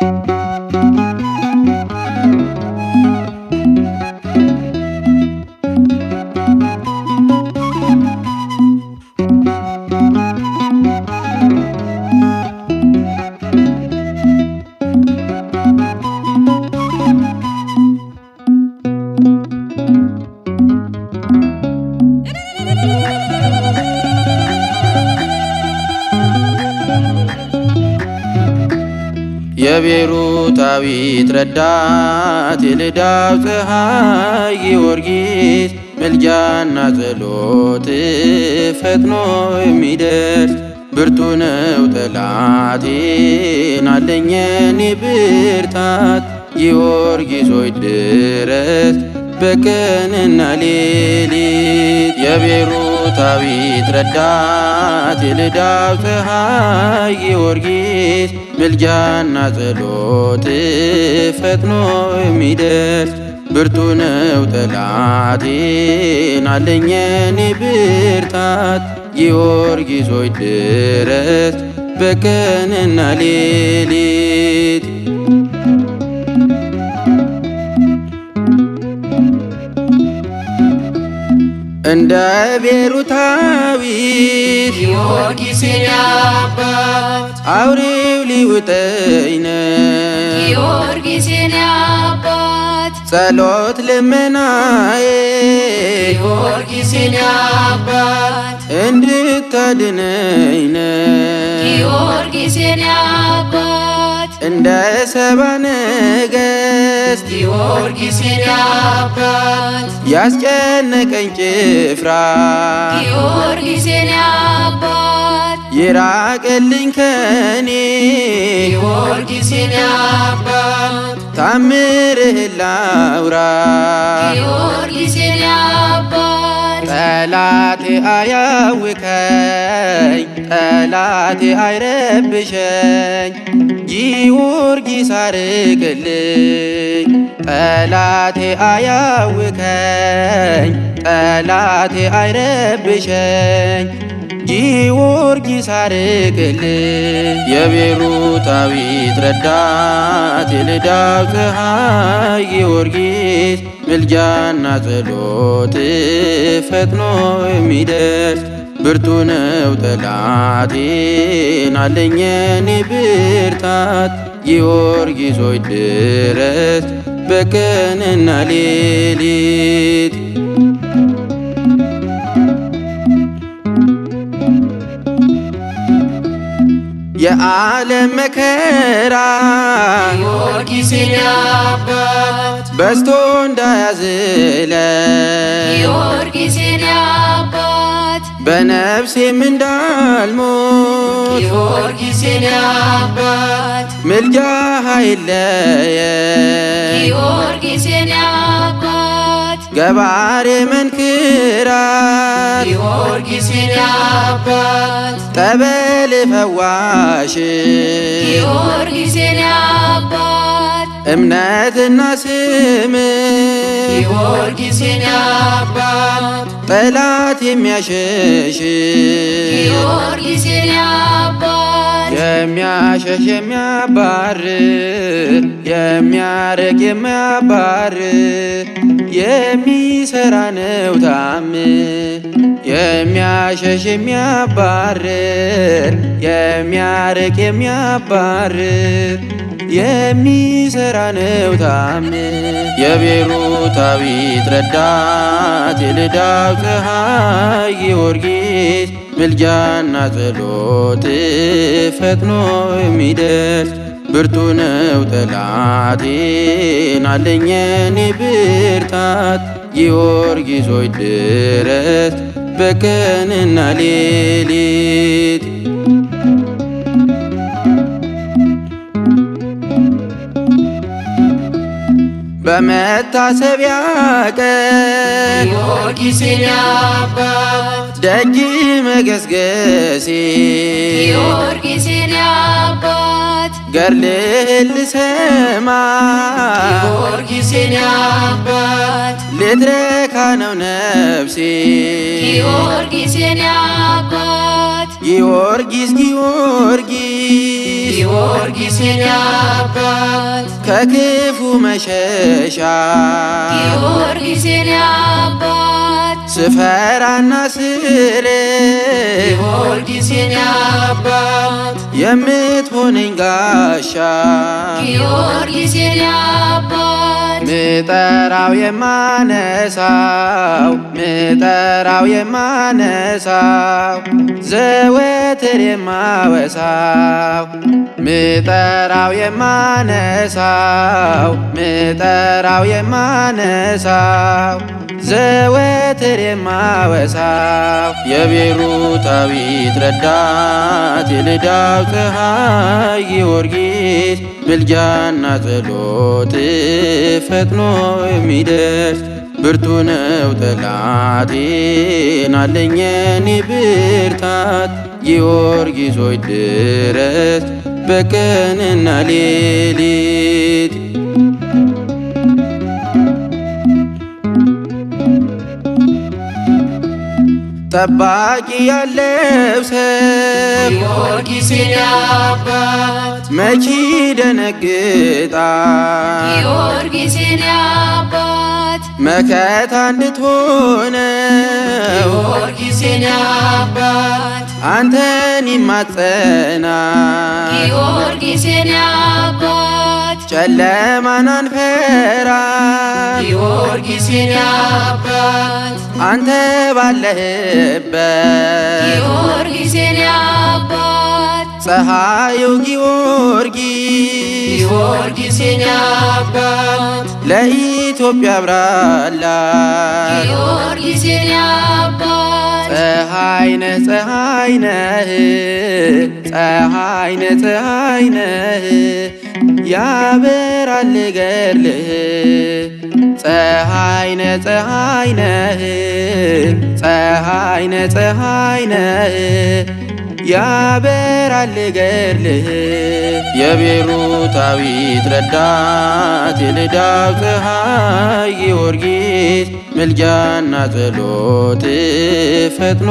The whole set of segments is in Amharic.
Thank you. የቤሩታዊት ረዳት የልዳው ፀሐይ ጊዮርጊስ ምልጃና ጸሎት ፈጥኖ የሚደርስ ብርቱ ነው ጠላቴን አለኘን ብርታት ጊዮርጊስ ሆይ ድረስ በቀንና ሌሊት የቤሩ ታዊት ረዳት ልዳብ ፀሐይ ጊዮርጊስ ምልጃና ጸሎት ፈጥኖ የሚደርስ ብርቱ ነው ጠላቴን አለኘን ብርታት ጊዮርጊስ ሆይ ድረስ በቀንና ሌሊት እንደ ቤሩታዊ ጊዮርጊስ አባት አውሬው ሊውጠኝ ጊዮርጊስ አባት ጸሎት ልመናዬ ጊዮርጊስ አባት እንድታድነኝ ጊዮርጊስ አባት እንደ ሰባ ነገር ጊዮርጊስ አባት ያስጨነቀኝ ጭፍራ ጊዮርጊስ አባት የራቀልኝ ከኔ ጊዮርጊስ አባት ላውራ ጊዮርጊስ አባት ጠላቴ አያውከኝ ጠላቴ አይረብሸኝ ጊዮርጊስ አርቅልኝ ጠላቴ አያውከኝ ጠላቴ አይረብሸኝ ጊዮርጊስ አርቅልኝ የቤሩታዊት ረዳት የልዳው ፀሐይ ጊዮርጊስ ምልጃና ጸሎት ፈጥኖ የሚደርስ ብርቱ ነው ጠላቴን አለኘኒ ብርታት ጊዮርጊስ ሆይ ድረስ በቀንና ሌሊት የዓለም መከራ ጊዮርጊስ አባት በዝቶ ጊዮርጊስ አባት በነፍሴም እንዳልሞት ጊዮርጊስ አባት ጊዮርጊስ አባት جباري من كرار يورك سنابات تبال فواشي يورك سنابات امنات الناس من يورك سنابات ጠላት የሚያሸሽ ጊዮርጊስ የሚያሸሽ የሚያባር የሚያረግ የሚያባር የሚሰራ ነው ታም የሚያሸሽ የሚያባር የሚያረግ የሚያባር የሚሰራ ነው ታምር የቤሩታዊት ረዳት የልዳው ፀሐይ ጊዮርጊስ ምልጃና ጸሎት ፈጥኖ የሚደርስ ብርቱ ነው ጠላቴን ብርታት ጊዮርጊስ ሆይ ድረስ በቀንና ሌሊት በመታሰቢያ ቀን ጊዮርጊስን ያባት ደጅ መገስገሴ ጊዮርጊስን ያባት ገድልህን ልሰማ ጊዮርጊስን ያባት ልትረካ ነው ነፍሴ ጊዮርጊስን ያባት ጊዮርጊስ ጊዮርጊስ ጊዮርጊስ የኔ አባት ከክፉ መሸሻ ጊዮርጊስ የኔ አባት ስፈራና ስል ጊዮርጊስ የኔ አባት የምትሆነኝ ጋሻ ጊዮርጊስ የኔ አባት ምጠራው የማነሳው ምጠራው የማነሳው ዘወትር የማወሳው ምጠራው የማነሳው ምጠራው የማነሳው ዘወ ዘወትር የማወሳው የቤሩታዊት ረዳት የልዳው ፀሐይ ጊዮርጊስ ምልጃና ጸሎት ፈጥኖ የሚደርስ ብርቱ ነው ጠላቴን ብርታት ጊዮርጊስ ሆይ ድረስ በቀንና ሌሊት ጠባቂ ያለው ሰብ ጊዮርጊስ አባት መቼ ደነግጣል ጊዮርጊስ አባት መከታ እንድትሆነው ጊዮርጊስ አባት አንተን ይማጸናል ጊዮርጊስ የኔ አባት ጨለማን አንፈራ ጊዮርጊስ የኔ አባት አንተ ባለህበት ጊዮርጊስ የኔ አባት ፀሐዩ ጊዮርጊስ ጊዮርጊስ የኔ አባት ለኢትዮጵያ አብራላት ጊዮርጊስ የኔ አባት ፀሐይነ ፀሐይነህ ፀሐይነ ፀሐይነህ ያበራል ገድልህ ፀሐይነ ፀሐይነህ ፀሐይነ ፀሐይነህ ያበራል ገድልህ የቤሩታዊት ረዳት የልዳው ፀሐይ ጊዮርጊስ ምልጃና ጸሎት ፈጥኖ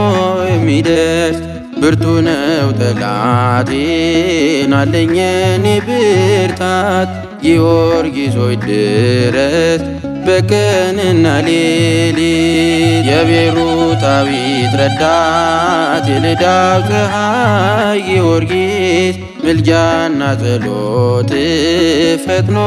የሚደርስ ብርቱ ነው ጠላቴን አለኘን ብርታት ጊዮርጊስ ሆይ ድረስ በቀንና ሌሊት የቤሩታዊት ረዳት የልዳው ፀሐይ ጊዮርጊስ ምልጃና ጸሎት ፈጥኖ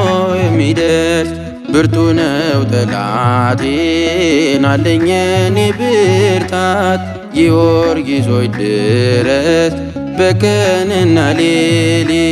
የሚደርስ ብርቱ ነው ጠላቴን አለኘን ብርታት ጊዮርጊስ ሆይ ድረስ በቀንና ሌሊት